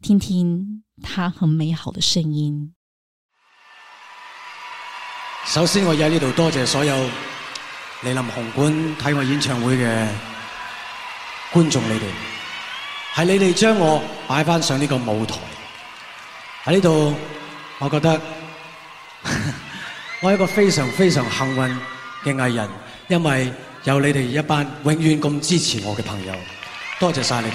聽聽他很美好的聲音。首先，我喺呢度多謝所有嚟臨紅館睇我演唱會嘅觀眾你，你哋係你哋將我擺翻上呢個舞台喺呢度，我覺得我係一個非常非常幸運嘅藝人，因為有你哋一班永遠咁支持我嘅朋友，多謝晒你哋。